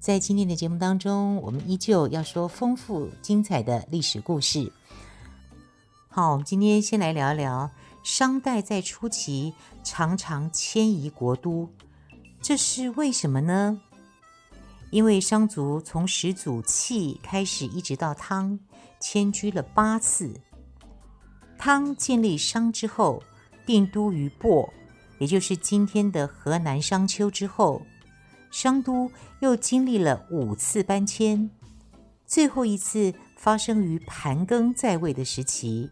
在今天的節目當中，我們依舊要說豐富精彩的歷史故事。好，我們今天先來聊一聊商代在初期常常遷移國都，這是為什麼呢？因為商族從始祖契開始，一直到湯，遷居了八次。湯建立商之後，定都於亳，也就是今天的河南商丘之後。商都又經歷了五次搬遷，最後一次發生於盤庚在位的時期。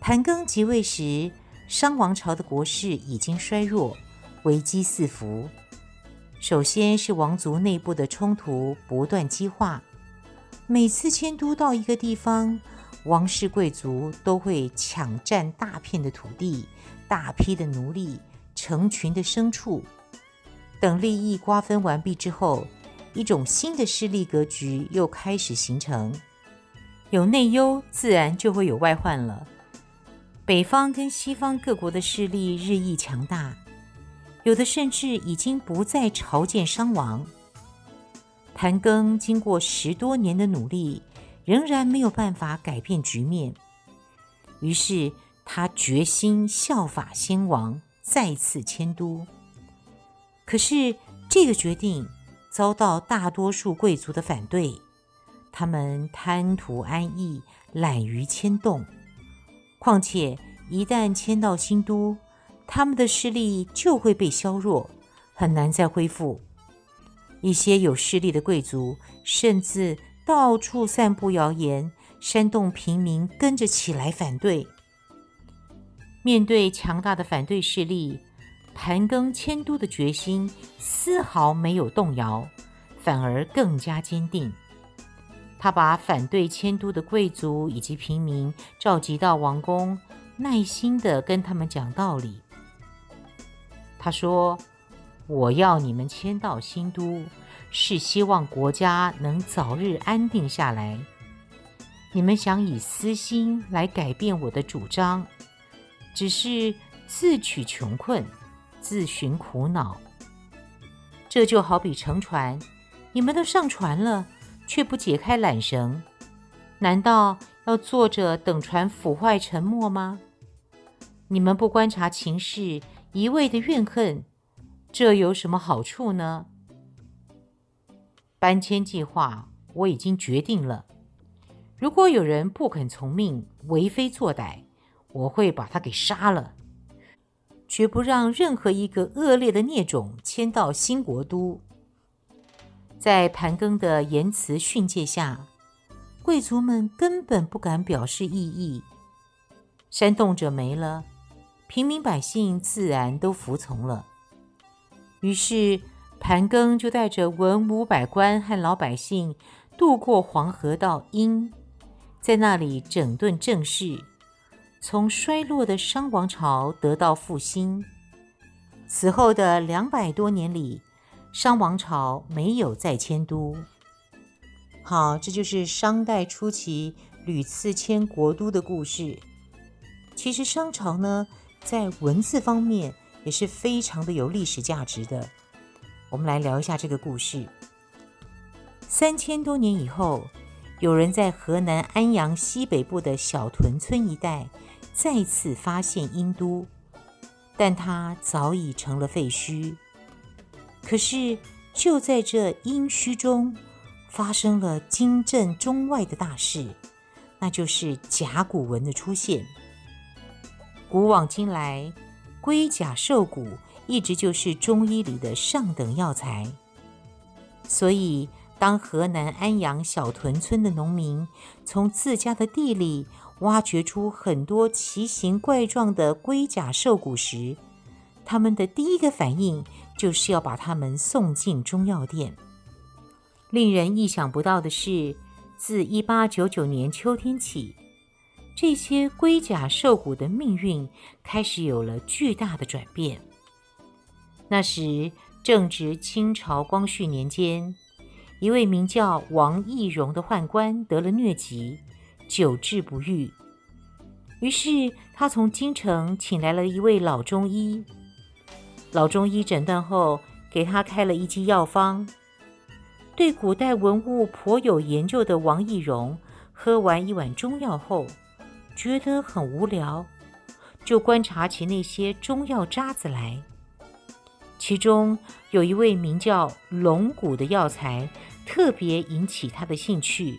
盤庚即位時，商王朝的國勢已經衰弱，危機四伏。首先是王族內部的衝突不斷激化，每次遷都到一個地方，王室貴族都會搶占大片的土地、大批的奴隸、成群的牲畜。等利益瓜分完畢之後，一種新的勢力格局又開始形成。有內憂，自然就會有外患了。北方跟西方各國的勢力日益強大，有的甚至已經不再朝見商王。盤庚經過十多年的努力，仍然沒有辦法改變局面，於是他決心效法先王，再次遷都。可是，這個決定遭到大多數貴族的反對。他們貪圖安逸，懶於遷動。況且，一旦遷到新都，他們的勢力就會被削弱，很難再恢復。一些有勢力的貴族甚至到處散布謠言，煽動平民跟着起來反對。面對強大的反對勢力，盤庚遷都的決心絲毫沒有動搖，反而更加堅定。他把反對遷都的貴族以及平民召集到王宮，耐心地跟他們講道理。他說：“我要你們遷到新都，是希望國家能早日安定下來。你們想以私心來改變我的主張，只是自取窮困。”自尋苦惱，這就好比乘船，你們都上船了，卻不解開纜繩，難道要坐着等船腐壞沉沒嗎？你們不觀察情勢，一味的怨恨，這有什麼好處呢？搬遷計劃我已經決定了，如果有人不肯從命，為非作歹，我會把他給殺了。絕不讓任何一個惡劣的孽種遷到新國都。在盤庚的言辭訓誡下，貴族們根本不敢表示異議。煽動者沒了，平民百姓自然都服從了。於是盤庚就帶着文武百官和老百姓渡過黃河到殷，在那裡整頓政事，從衰落的商王朝得到復興，此後的兩百多年裡，商王朝沒有再遷都。好，這就是商代初期屢次遷國都的故事。其實商朝呢，在文字方面也是非常的有歷史價值的。我們來聊一下這個故事。三千多年以後，有人在河南安陽西北部的小屯村一帶。再次發現殷都，但它早已成了廢墟。可是，就在這殷墟中，發生了驚震中外的大事，那就是甲骨文的出現。古往今來，龜甲獸骨一直就是中醫裡的上等藥材，所以，當河南安陽小屯村的農民從自家的地裡，挖掘出很多奇形怪狀的龜甲獸骨時，他們的第一個反應就是要把它們送進中藥店。令人意想不到的是，自1899年秋天起，這些龜甲獸骨的命運開始有了巨大的轉變。那時正值清朝光緒年間，一位名叫王懿榮的宦官得了瘧疾。久治不癒，於是他從京城請來了一位老中醫。老中醫診斷後，給他開了一劑藥方。對古代文物頗有研究的王懿榮，喝完一碗中藥後，覺得很無聊，就觀察起那些中藥渣子來。其中有一味名叫龍骨的藥材，特別引起他的興趣。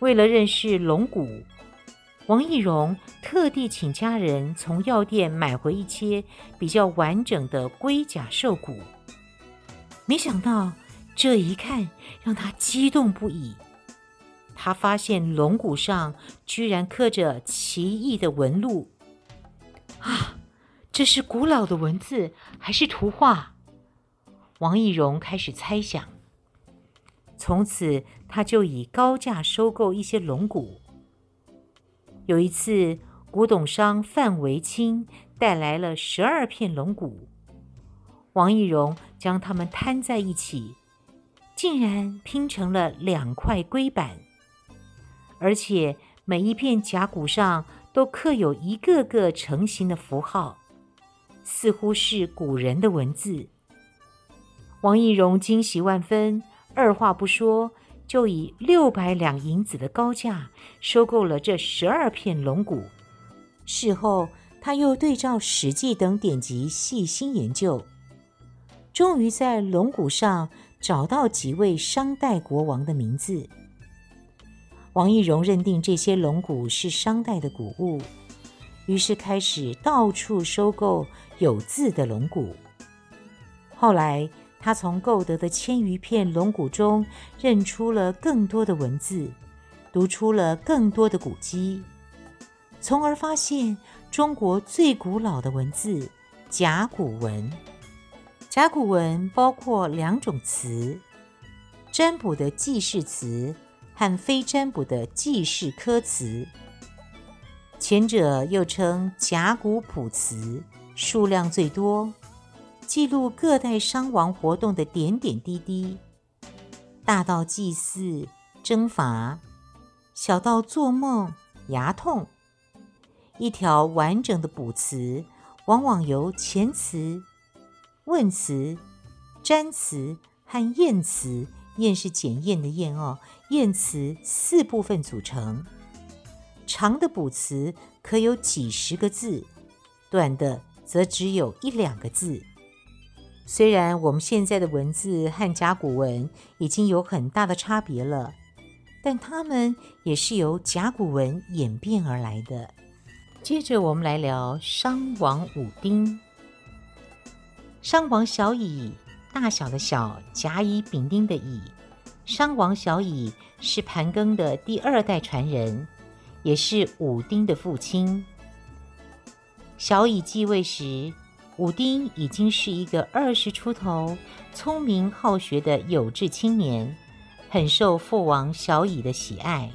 為了認識龍骨，王懿榮特地請家人從藥店買回一些比較完整的龜甲獸骨。沒想到這一看讓他激動不已，他發現龍骨上居然刻着奇異的紋路。啊，這是古老的文字還是圖畫？王懿榮開始猜想。從此，他就以高價收購一些龍骨。有一次，古董商范維清帶來了十二片龍骨，王懿榮將它們攤在一起，竟然拼成了兩塊龜板，而且每一片甲骨上都刻有一個個成型的符號，似乎是古人的文字。王懿榮驚喜萬分。二話不說，就以六百兩銀子的高價收購了這十二片龍骨。事後，他又對照《史記》等典籍細心研究，終於在龍骨上找到幾位商代國王的名字。王懿榮認定這些龍骨是商代的古物，於是開始到處收購有字的龍骨。後來，他從購得的千餘片龍骨中認出了更多的文字，讀出了更多的古籍，從而發現中國最古老的文字——甲骨文。甲骨文包括兩種辭：占卜的記事辭和非占卜的記事刻辭。前者又稱甲骨卜辭，數量最多。記錄各代商王活動的點點滴滴，大到祭祀、征伐，小到做夢、牙痛。一條完整的卜辭，往往由前辭、問辭、占辭和驗辭（驗是檢驗的驗哦，驗辭）四部分組成。長的卜辭可有幾十個字，短的則只有一兩個字。雖然我們現在的文字和甲骨文已經有很大的差別了，但它們也是由甲骨文演變而來的。接着，我們來聊商王武丁。商王小乙，大小的小，甲乙丙丁的乙。商王小乙是盤庚的第二代傳人，也是武丁的父親。小乙繼位時，武丁已經是一個二十出頭、聰明好學的有志青年，很受父王小乙的喜愛。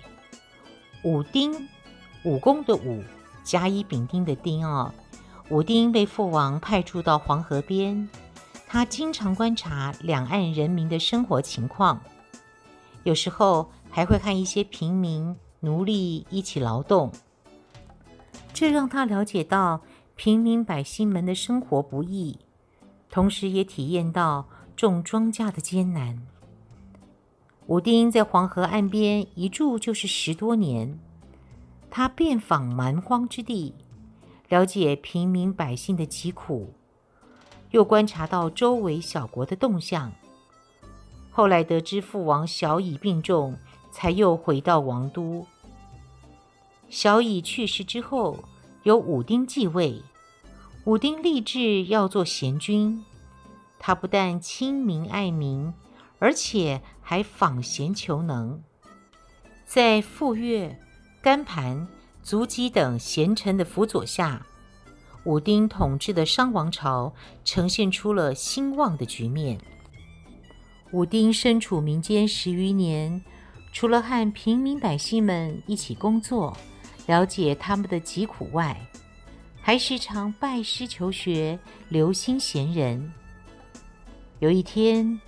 武丁，武功的武，甲乙丙丁的丁哦。武丁被父王派駐到黃河邊，他經常觀察兩岸人民的生活情況，有時候還會和一些平民奴隸一起勞動，這讓他了解到。平民百姓們的生活不易，同時也體驗到種莊稼的艱難。武丁在黃河岸邊一住就是十多年，他遍訪蠻荒之地，了解平民百姓的疾苦，又觀察到周圍小國的動向。後來得知父王小乙病重，才又回到王都。小乙去世之後，由武丁繼位。武丁立志要做賢君，他不但親民愛民，而且還訪賢求能。在傅說、甘盤、祖己等賢臣的輔佐下，武丁統治的商王朝呈現出了興旺的局面。武丁身處民間十餘年，除了和平民百姓們一起工作，了解他們的疾苦外，還時常拜師求學，留心賢人。有一天，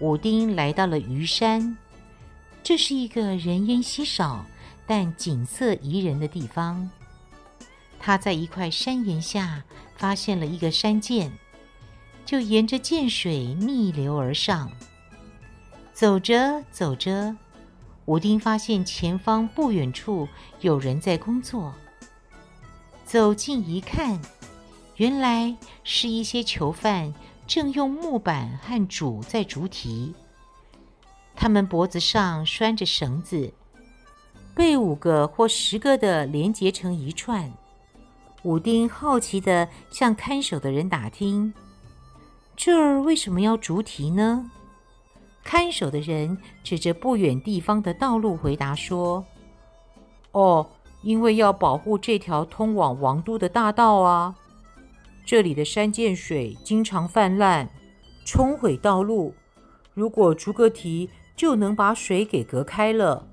武丁來到了虞山，這是一個人煙稀少但景色宜人的地方。他在一塊山岩下發現了一個山澗，就沿着澗水逆流而上。走着走着，武丁發現前方不遠處有人在工作。走近一看，原來是一些囚犯正用木板和杵在築堤。他們脖子上拴着繩子，被五個或十個的連結成一串。武丁好奇地向看守的人打聽：“這兒為什麼要築堤呢？”看守的人指着不遠地方的道路回答說：“哦。”因為要保護這條通往王都的大道啊，這裡的山澗水經常泛濫，沖毀道路。如果築個堤，就能把水給隔開了。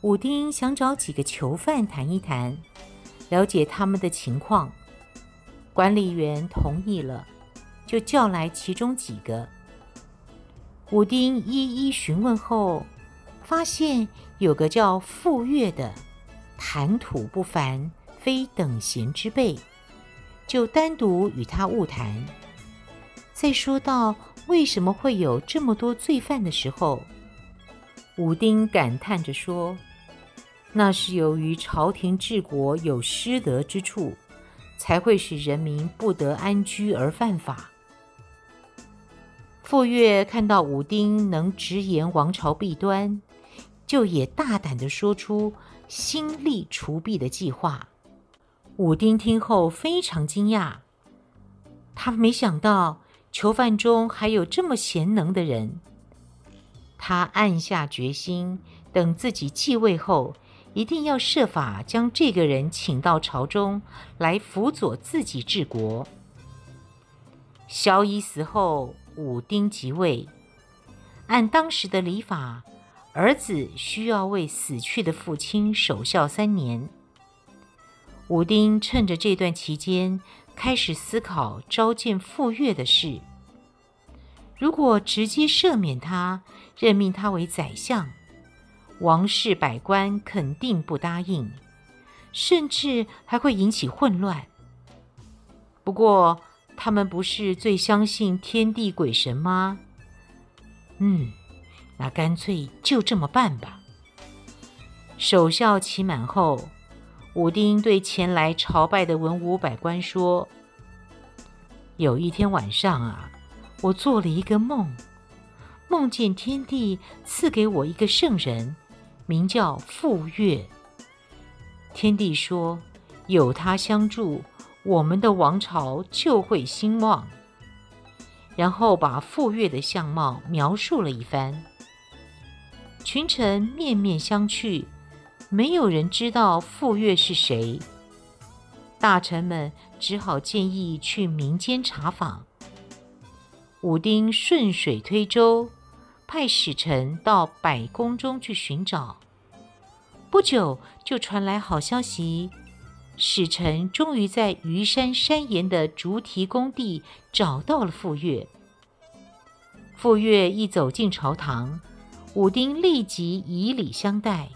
武丁想找幾個囚犯談一談，了解他們的情況。管理員同意了，就叫來其中幾個。武丁一一詢問後，發現有個叫傅說的。談吐不凡，非等閒之輩，就單獨與他晤談。在說到為什麼會有這麼多罪犯的時候，武丁感嘆着說：“那是由於朝廷治國有失德之處，才會使人民不得安居而犯法。”傅說看到武丁能直言王朝弊端，就也大膽地說出興利除弊的計劃，武丁聽後非常驚訝，他沒想到囚犯中還有這麼賢能的人。他暗下決心，等自己繼位後，一定要設法將這個人請到朝中來輔佐自己治國。小乙死後，武丁即位，按當時的禮法。兒子需要為死去的父親守孝三年。武丁趁着這段期間，開始思考召見傅說的事。如果直接赦免他，任命他為宰相，王室百官肯定不答應，甚至還會引起混亂。不過，他們不是最相信天地鬼神嗎？嗯。那乾脆就這麼辦吧。守孝期滿後，武丁對前來朝拜的文武百官說：“有一天晚上啊，我做了一個夢，夢見天帝賜給我一個聖人，名叫傅說。天帝說，有他相助，我們的王朝就會興旺。然後把傅說的相貌描述了一番。”群臣面面相覷，沒有人知道傅說是誰。大臣們只好建議去民間查訪。武丁順水推舟，派使臣到百工中去尋找。不久就傳來好消息，使臣終於在虞山山岩的築堤工地找到了傅說。傅說一走進朝堂，武丁立即以禮相待，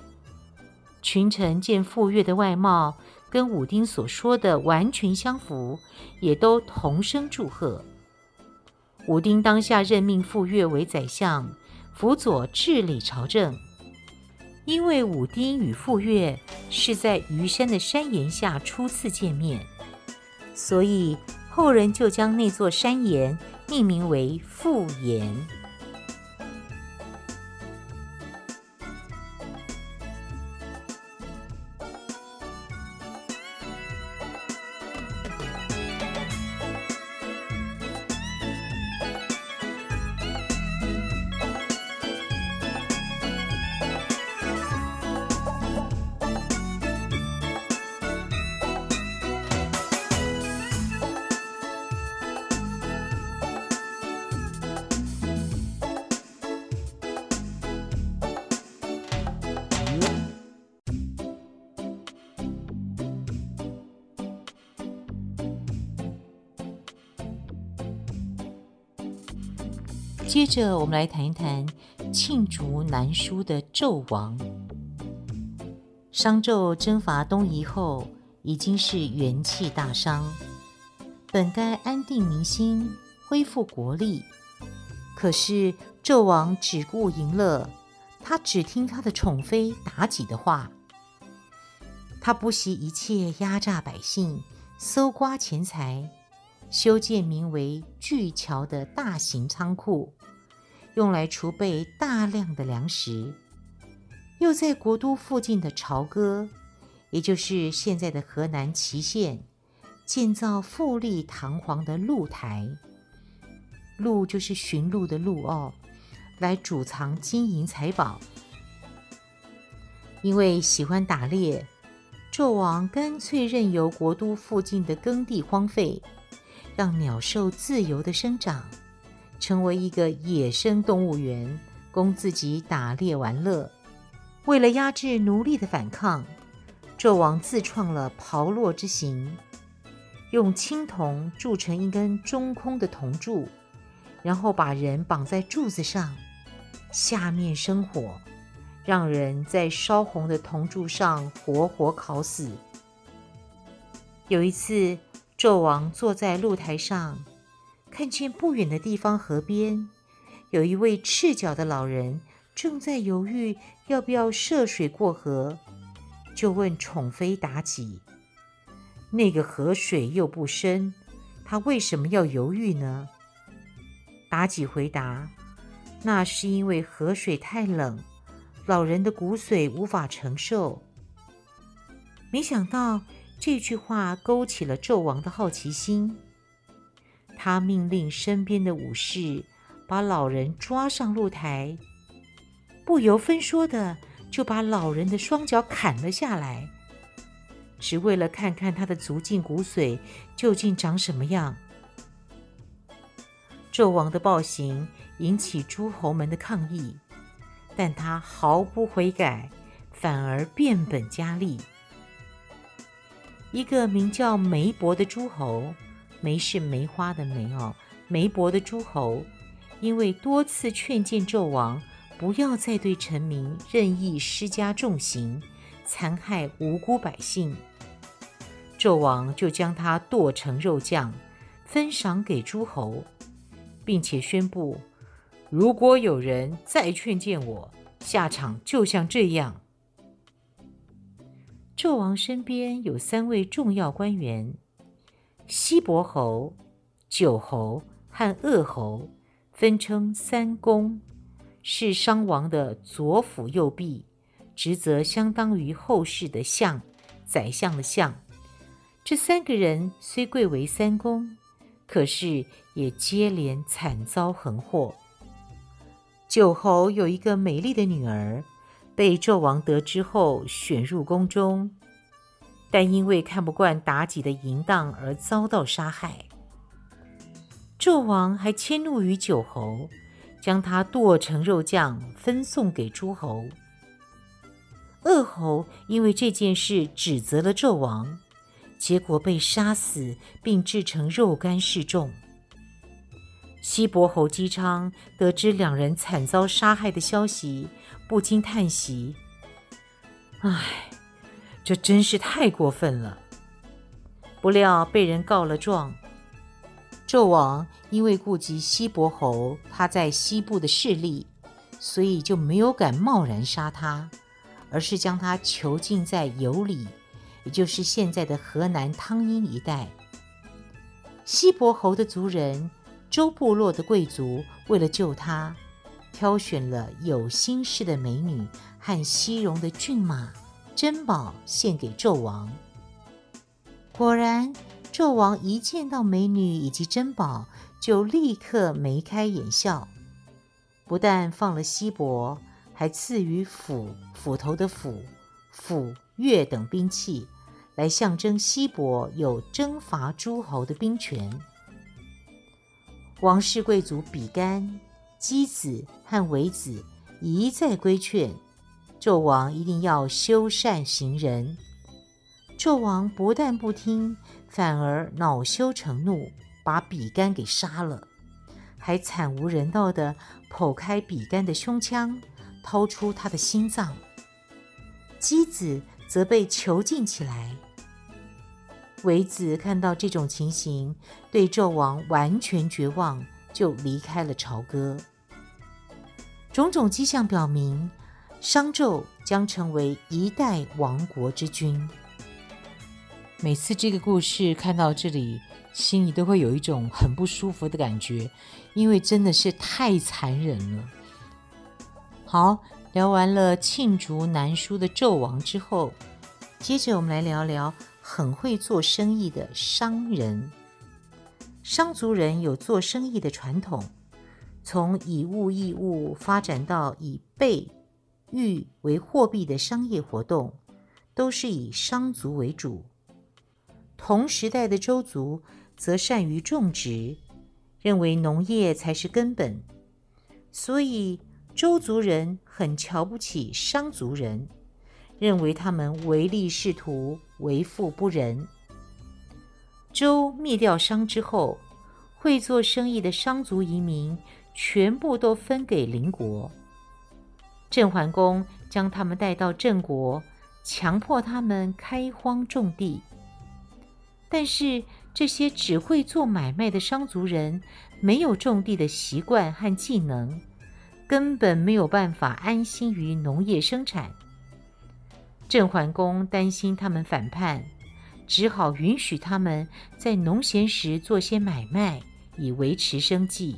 群臣見傅說的外貌跟武丁所說的完全相符，也都同聲祝賀。武丁當下任命傅說為宰相，輔佐治理朝政。因為武丁與傅說是在虞山的山岩下初次見面，所以後人就將那座山岩命名為傅岩。接着，我們來談一談罄竹難書的紂王。商紂征伐東夷後，已經是元氣大傷，本該安定民心、恢復國力，可是紂王只顧淫樂，他只聽他的寵妃妲己的話，他不惜一切壓榨百姓、搜刮錢財。修建名為巨橋的大型倉庫，用來儲備大量的糧食；又在國都附近的朝歌，也就是現在的河南淇縣，建造富麗堂皇的鹿台，鹿就是馴鹿的鹿哦，來儲藏金銀財寶。因為喜歡打獵，紂王乾脆任由國都附近的耕地荒廢。讓鳥獸自由地生長，成為一個野生動物園，供自己打獵玩樂。為了壓制奴隸的反抗，紂王自創了炮烙之刑，用青銅鑄成一根中空的銅柱，然後把人綁在柱子上，下面生火，讓人在燒紅的銅柱上活活烤死。有一次，紂王坐在露台上，看見不遠的地方河邊有一位赤腳的老人，正在猶豫要不要涉水過河，就問寵妃妲己：“那個河水又不深，他為什麼要猶豫呢？”妲己回答：“那是因為河水太冷，老人的骨髓無法承受。”沒想到……這句話勾起了紂王的好奇心，他命令身邊的武士把老人抓上露台，不由分說的就把老人的雙腳砍了下來，只為了看看他的足脛骨髓究竟長什麼樣。紂王的暴行引起諸侯們的抗議，但他毫不悔改，反而變本加厲。一個名叫梅伯的諸侯，梅是梅花的梅哦，梅伯的諸侯，因為多次勸諫紂王不要再對臣民任意施加重刑，殘害無辜百姓，紂王就將他剁成肉醬，分賞給諸侯，並且宣布，如果有人再勸諫我，下場就像這樣。紂王身邊有三位重要官員：西伯侯、九侯和鄂侯，分稱三公，是商王的左輔右弼，職責相當於後世的相，宰相的相。這三個人雖貴為三公，可是也接連慘遭橫禍。九侯有一個美麗的女兒。被紂王得知後，選入宮中，但因為看不慣妲己的淫蕩而遭到殺害。紂王還遷怒於九侯，將他剁成肉醬分送給諸侯。鄂侯因為這件事指責了紂王，結果被殺死，並製成肉乾示眾。西伯侯姬昌得知兩人慘遭殺害的消息。不禁嘆息：“唉，這真是太過分了。”不料被人告了狀，紂王因為顧及西伯侯他在西部的勢力，所以就沒有敢貿然殺他，而是將他囚禁在羑里，也就是現在的河南湯陰一帶。西伯侯的族人周部落的貴族為了救他。挑選了有莘氏的美女和西戎的駿馬、珍寶獻給紂王。果然，紂王一見到美女以及珍寶，就立刻眉開眼笑。不但放了西伯，還賜予斧、斧頭的斧、斧鉞等兵器，來象徵西伯有征伐諸侯的兵權。王室貴族比干。箕子和微子一再規勸紂王一定要修善行仁，紂王不但不聽，反而惱羞成怒，把比干給殺了，還慘無人道地剖開比干的胸腔，掏出他的心臟。箕子則被囚禁起來，微子看到這種情形，對紂王完全絕望，就離開了朝歌。種種跡象表明，商紂將成為一代亡國之君。每次這個故事看到這裡，心裡都會有一種很不舒服的感覺，因為真的是太殘忍了。好，聊完了罄竹難書的紂王之後，接着我們來聊聊很會做生意的商人。商族人有做生意的傳統。從以物易物發展到以貝、玉為貨幣的商業活動，都是以商族為主。同時代的周族則善於種植，認為農業才是根本，所以周族人很瞧不起商族人，認為他們唯利是圖、為富不仁。周滅掉商之後，會做生意的商族移民。全部都分給鄰國。鄭桓公將他們帶到鄭國，強迫他們開荒種地。但是這些只會做買賣的商族人，沒有種地的習慣和技能，根本沒有辦法安心於農業生產。鄭桓公擔心他們反叛，只好允許他們在農閒時做些買賣，以維持生計。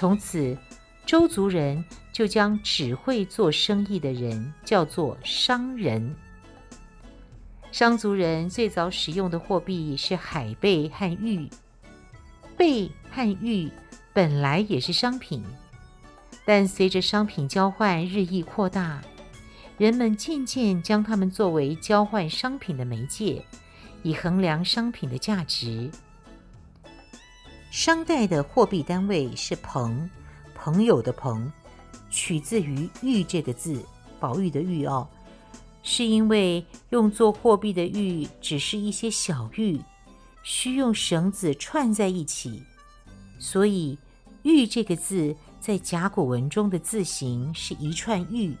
從此，周族人就將只會做生意的人叫做商人。商族人最早使用的貨幣是海貝和玉，貝和玉本來也是商品，但隨着商品交換日益擴大，人們漸漸將它們作為交換商品的媒介，以衡量商品的價值。商代的貨幣單位是“朋”，朋友的“朋”取自於“玉”這個字，寶玉的“玉”哦，是因為用作貨幣的玉只是一些小玉，需用繩子串在一起，所以“玉”這個字在甲骨文中的字形是一串玉，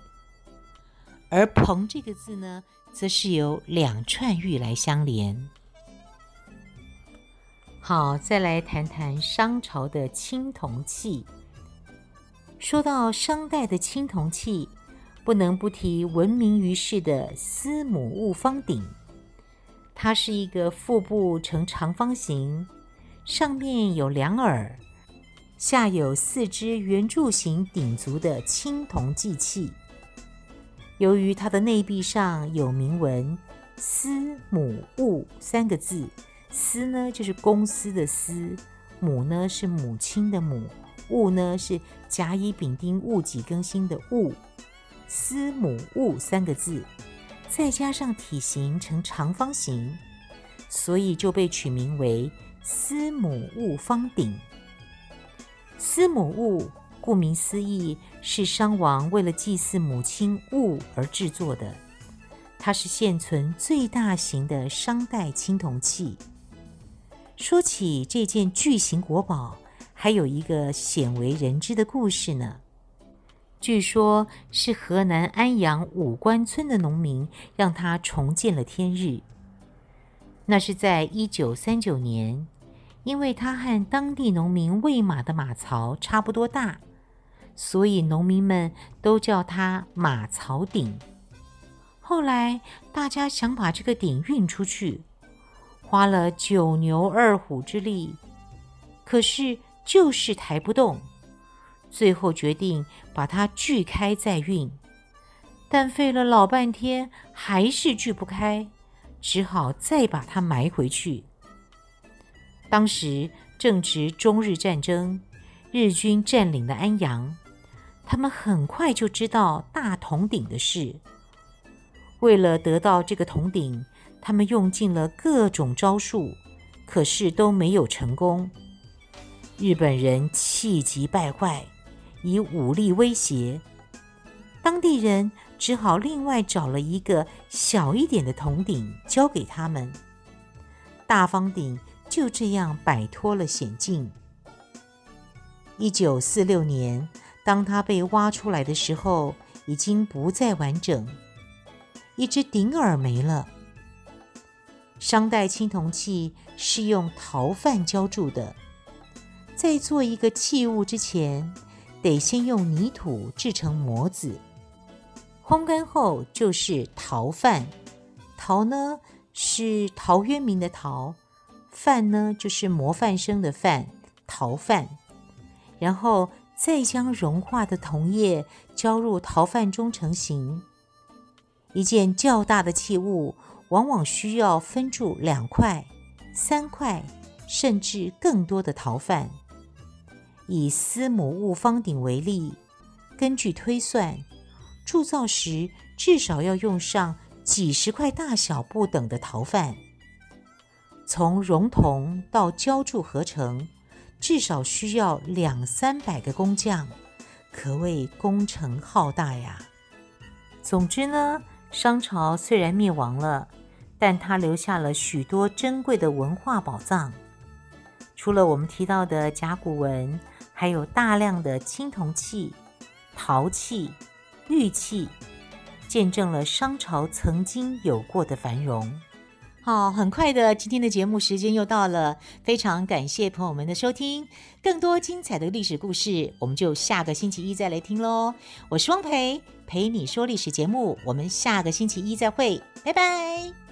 而“朋”這個字呢，則是由兩串玉來相連。好，再來談談商朝的青銅器。說到商代的青銅器，不能不提聞名於世的司母戊方鼎。它是一個腹部呈長方形，上面有兩耳，下有四隻圓柱形鼎足的青銅祭器。由於它的內壁上有銘文“司母戊”三個字。司呢，就是公司的司；母呢，是母親的母；戊呢，是甲乙丙丁戊己庚辛的戊。司母戊三個字，再加上體型呈長方形，所以就被取名為司母戊方鼎。司母戊，顧名思義，是商王為了祭祀母親戊而製作的。它是現存最大型的商代青銅器。說起這件巨型國寶，還有一個鮮為人知的故事呢。據說，是河南安陽武官村的農民讓他重見了天日。那是在一九三九年，因為他和當地農民餵馬的馬槽差不多大，所以農民們都叫它“馬槽鼎”。後來，大家想把這個鼎運出去。花了九牛二虎之力，可是就是抬不動。最後決定把它鋸開再運，但費了老半天還是鋸不開，只好再把它埋回去。當時正值中日戰爭，日軍佔領了安陽，他們很快就知道大銅鼎的事。為了得到這個銅鼎。他們用盡了各種招數，可是都沒有成功。日本人氣急敗壞，以武力威脅，當地人只好另外找了一個小一點的銅鼎交給他們。大方鼎就這樣擺脫了險境。一九四六年，當它被挖出來的時候，已經不再完整，一隻鼎耳沒了。商代青銅器是用陶範澆鑄的，在做一個器物之前，得先用泥土制成模子，烘乾後就是陶範。陶呢，是陶淵明的陶，範呢，就是模範生的範，陶範。然後再將融化的銅液澆入陶範中成型。一件較大的器物，往往需要分鑄兩塊、三塊，甚至更多的陶範。以司母戊方鼎為例，根據推算，鑄造時至少要用上幾十塊大小不等的陶範。從熔銅到澆鑄合成，至少需要兩三百個工匠，可謂工程浩大呀。總之呢，商朝雖然滅亡了，但它留下了許多珍貴的文化寶藏，除了我們提到的甲骨文，還有大量的青銅器、陶器、玉器，見證了商朝曾經有過的繁榮。好，很快的，今天的節目時間又到了，非常感謝朋友們的收聽。更多精彩的歷史故事，我們就下個星期一再來聽嘍。我是汪蓓，蓓你說歷史節目，我們下個星期一再會，拜拜。